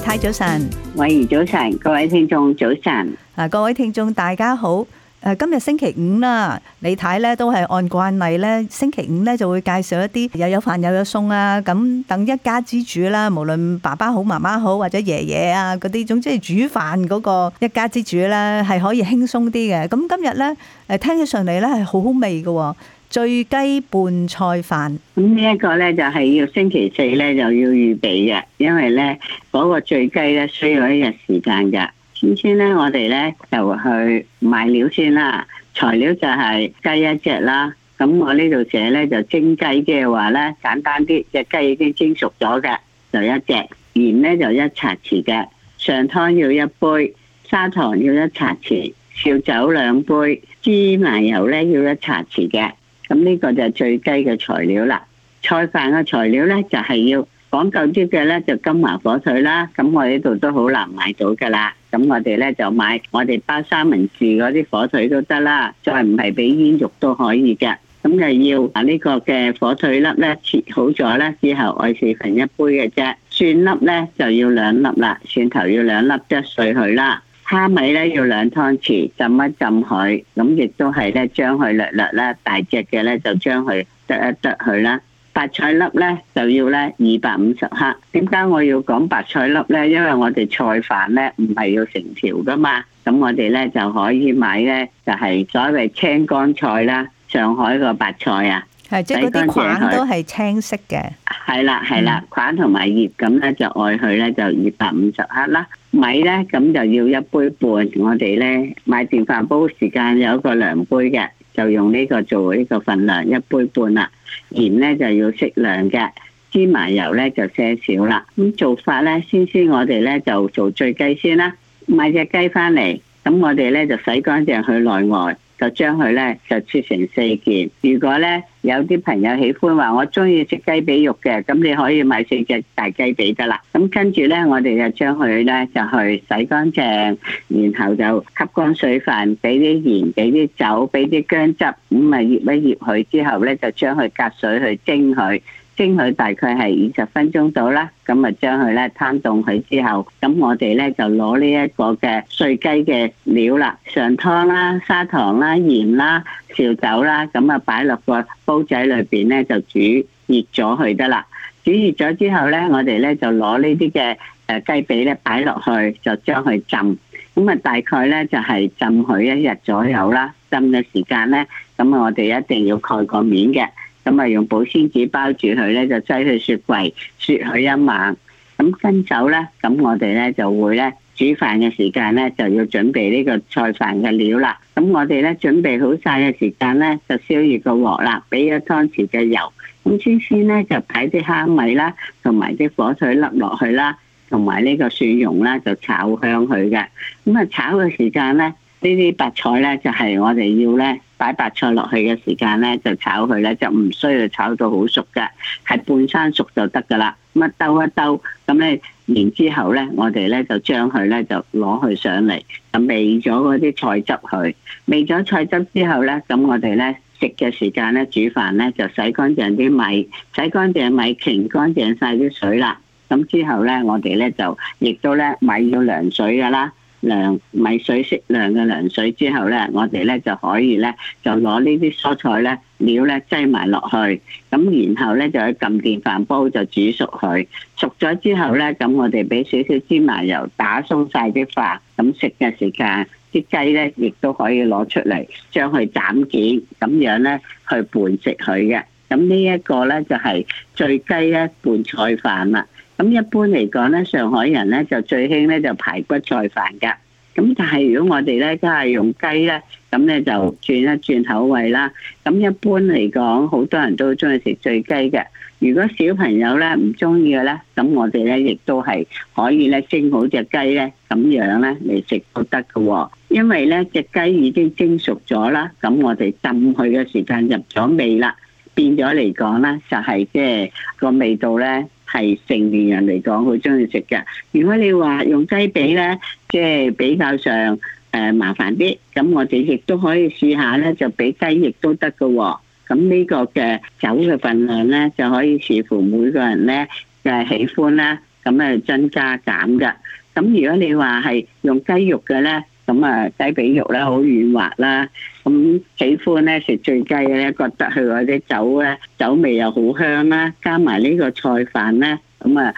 李太早晨，偉儀早晨，各位聽眾早晨。嗱，各位聽眾大家好。誒，今日星期五啦，李太咧都係按慣例咧，星期五咧就會介紹一啲又有飯又有餸啊。咁等一家之主啦，無論爸爸好、媽媽好或者爺爺啊嗰啲，總之煮飯嗰個一家之主咧，係可以輕鬆啲嘅。咁今日咧，誒，聽起上嚟咧，係好好味㗎。醉雞拌菜飯，咁呢一個呢就係、是、要星期四呢就要預備嘅，因為呢嗰、那個醉雞呢需要一日時間嘅。先先呢，我哋呢就去買料先啦。材料就係雞一隻啦。咁我寫呢度寫呢就蒸雞，即係話呢簡單啲，隻雞已經蒸熟咗嘅，就一隻鹽呢就一茶匙嘅，上湯要一杯，砂糖要一茶匙，燒酒兩杯，芝麻油呢要一茶匙嘅。咁呢個就係最低嘅材料啦。菜飯嘅材料呢，就係、是、要講究啲嘅呢，就金華火腿啦。咁我呢度都好難買到噶啦。咁我哋呢，就買我哋包三文治嗰啲火腿都得啦。再唔係俾煙肉都可以嘅。咁就要啊呢個嘅火腿粒呢，切好咗呢之後，愛四分一杯嘅啫。蒜粒呢，就要兩粒啦，蒜頭要兩粒剁碎佢啦。蝦米咧，要兩湯匙，浸一浸佢，咁亦都係咧，將佢略略啦，大隻嘅咧就將佢剁一剁佢啦。白菜粒咧就要咧二百五十克。點解我要講白菜粒咧？因為我哋菜飯咧唔係要成條噶嘛，咁我哋咧就可以買咧就係所謂青乾菜啦，上海個白菜啊。係，即係嗰啲菌都係青色嘅。係啦，係啦，菌同埋葉咁咧，嗯、就愛佢咧就二百五十克啦。米咧咁就要一杯半。我哋咧買電飯煲時間有一個量杯嘅，就用呢個做呢個份量一杯半啦。鹽咧就要適量嘅，芝麻油咧就少少啦。咁做法咧，先先我哋咧就做醉雞先啦。買隻雞翻嚟，咁我哋咧就洗乾淨佢內外，就將佢咧就切成四件。如果咧。有啲朋友喜歡話我鍾意食雞髀肉嘅，咁你可以買四隻大雞髀㗎喇。咁跟住呢，我哋就將佢呢就去洗乾淨，然後就吸乾水份，俾啲鹽，俾啲酒，俾啲薑汁，咁、嗯、啊醃一醃佢之後呢，就將佢隔水去蒸佢。蒸佢大概係二十分鐘到啦，咁啊將佢咧攤凍佢之後，咁我哋咧就攞呢一個嘅碎雞嘅料啦，上湯啦、砂糖啦、鹽啦、紹酒啦，咁啊擺落個煲仔裏邊咧就煮熱咗佢得啦。煮熱咗之後咧，我哋咧就攞呢啲嘅誒雞髀咧擺落去，就將佢浸。咁啊大概咧就係浸佢一日左右啦。浸嘅時間咧，咁我哋一定要蓋個面嘅。咁啊，用保鮮紙包住佢咧，就擠去雪櫃，雪佢一晚。咁跟手咧，咁我哋咧就會咧煮飯嘅時間咧，就要準備呢個菜飯嘅料啦。咁我哋咧準備好晒嘅時間咧，就燒熱個鑊啦，俾咗湯匙嘅油。咁先先咧，就擺啲蝦米啦，同埋啲火腿粒落去啦，同埋呢個蒜蓉啦，就炒香佢嘅。咁啊，炒嘅時間咧。呢啲白菜呢，就係、是、我哋要呢擺白菜落去嘅時間呢，就炒佢呢，就唔需要炒到好熟嘅，係半生熟就得噶啦。乜兜一兜，咁呢，然之後呢，我哋呢，就將佢呢，就攞去上嚟，就味咗嗰啲菜汁佢，味咗菜汁之後呢，咁我哋呢，食嘅時間呢，煮飯呢，就洗乾淨啲米，洗乾淨米，擎乾淨晒啲水啦。咁之後呢，我哋呢，就亦都呢，米要涼水噶啦。涼米水適量嘅涼水之後呢，我哋呢，就可以呢，就攞呢啲蔬菜呢料呢擠埋落去，咁然後呢就去撳電飯煲就煮熟佢，熟咗之後呢，咁我哋俾少少芝麻油打鬆晒啲飯，咁食嘅時間，啲雞呢亦都可以攞出嚟將佢斬件，咁樣呢去拌食佢嘅，咁呢一個呢，就係醉雞呢拌菜飯啦。咁一般嚟講咧，上海人咧就最興咧就排骨菜飯㗎。咁但係如果我哋咧都係用雞咧，咁咧就轉一轉口味啦。咁一般嚟講，好多人都中意食醉雞嘅。如果小朋友咧唔中意嘅咧，咁我哋咧亦都係可以咧蒸好隻雞咧，咁樣咧嚟食都得㗎。因為咧隻雞已經蒸熟咗啦，咁我哋浸佢嘅時間入咗味啦，變咗嚟講咧就係即係個味道咧。係成年人嚟講，好中意食嘅。如果你話用雞髀呢，即係比較上誒麻煩啲，咁我哋亦都可以試下呢，就俾雞翼都得嘅。咁呢個嘅酒嘅份量呢，就可以視乎每個人咧嘅喜歡啦。咁誒增加減嘅。咁如果你話係用雞肉嘅呢。咁啊，雞髀肉咧好軟滑啦，咁喜歡咧食醉雞咧，覺得佢嗰啲酒咧酒味又好香啦，加埋呢個菜飯咧，咁啊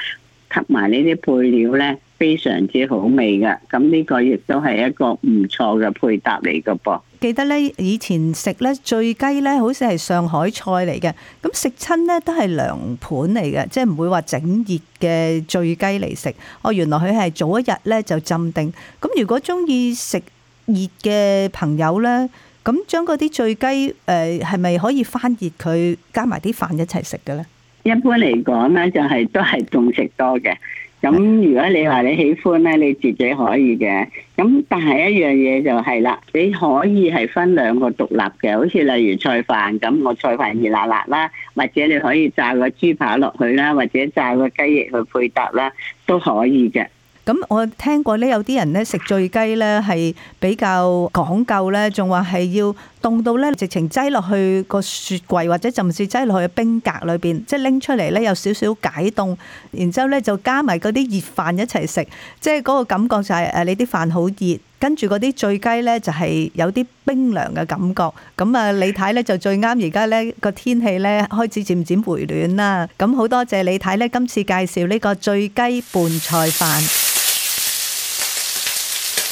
吸埋呢啲配料咧，非常之好味㗎，咁、這、呢個亦都係一個唔錯嘅配搭嚟㗎噃。記得呢，以前食呢醉雞呢，好似係上海菜嚟嘅，咁食親呢都係涼盤嚟嘅，即係唔會話整熱嘅醉雞嚟食。哦，原來佢係早一日呢就浸定。咁如果鍾意食熱嘅朋友呢，咁將嗰啲醉雞誒係咪可以翻熱佢，加埋啲飯一齊食嘅呢？一般嚟講呢，就係都係凍食多嘅。咁如果你話你喜歡咧，你自己可以嘅。咁但係一樣嘢就係啦，你可以係分兩個獨立嘅，好似例如菜飯咁，我菜飯熱辣辣啦，或者你可以炸個豬扒落去啦，或者炸個雞翼去配搭啦，都可以嘅。咁我聽過呢，有啲人呢食醉雞呢係比較講究呢，仲話係要凍到呢直情擠落去個雪櫃或者甚至擠落去冰格裏邊，即係拎出嚟呢有少少解凍，然之後呢就加埋嗰啲熱飯一齊食，即係嗰個感覺就係誒你啲飯好熱，跟住嗰啲醉雞呢就係有啲冰涼嘅感覺。咁啊，李太呢就最啱而家呢個天氣呢開始漸漸回暖啦。咁好多謝李太呢，今次介紹呢個醉雞拌菜飯。